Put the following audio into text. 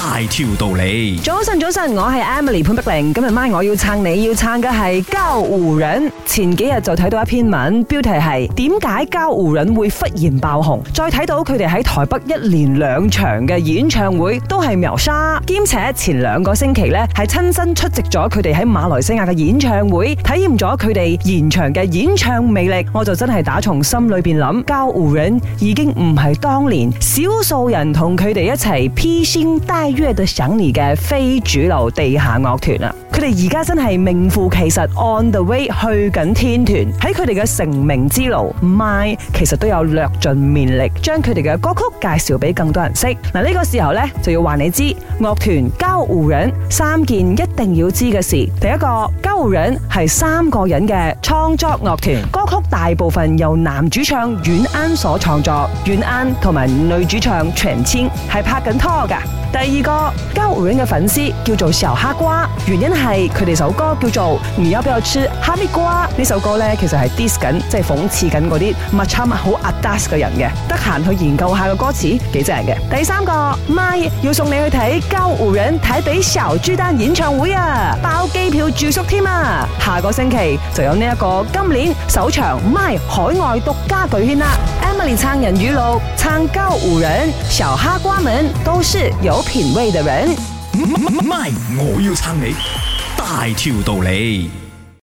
大條道理，早晨早晨，我係 Emily 潘碧玲。今日晚我要撐你要撐嘅係告五人。前幾日就睇到一篇文，標題係點解告五人會忽然爆紅？再睇到佢哋喺台北一連兩場嘅演唱會都係秒殺，兼且前兩個星期呢，係親身出席咗佢哋喺馬來西亞嘅演唱會，體驗咗佢哋現場嘅演唱魅力，我就真係打從心裏邊諗，告五人已經唔係當年少數人同佢哋一齊披星戴。於係對上尼嘅非主流地下樂團啊，佢哋而家真係名副其實，on the way 去緊天團。喺佢哋嘅成名之路，MY 其實都有略盡綿力將佢哋嘅歌曲介紹俾更多人識。嗱、啊、呢、呢個時候呢，就要話你知，樂團告五人三件一定要知嘅事，第一個，告五人係三個人嘅創作樂團。曲大部分由男主唱雲安所創作，雲安同埋女主唱犬青係拍緊拖噶。第二個告五人嘅粉絲叫做小哈瓜，原因係佢哋首歌叫做你要唔要食哈密瓜呢首歌咧，其實係 diss 緊，即係諷刺緊嗰啲物醜好 a d a s k 嘅人嘅。得閒去研究一下個歌詞，幾正嘅。第三個 my 要送你去睇告五人睇俾小巨蛋演唱會啊，包機票住宿添啊！下個星期就有呢一個今年首場賣海外獨家巨獻啦！Emily 撐人語錄，撐告五人，小蝦瓜們都是有品味的人。MY 我要撐你，大條道理。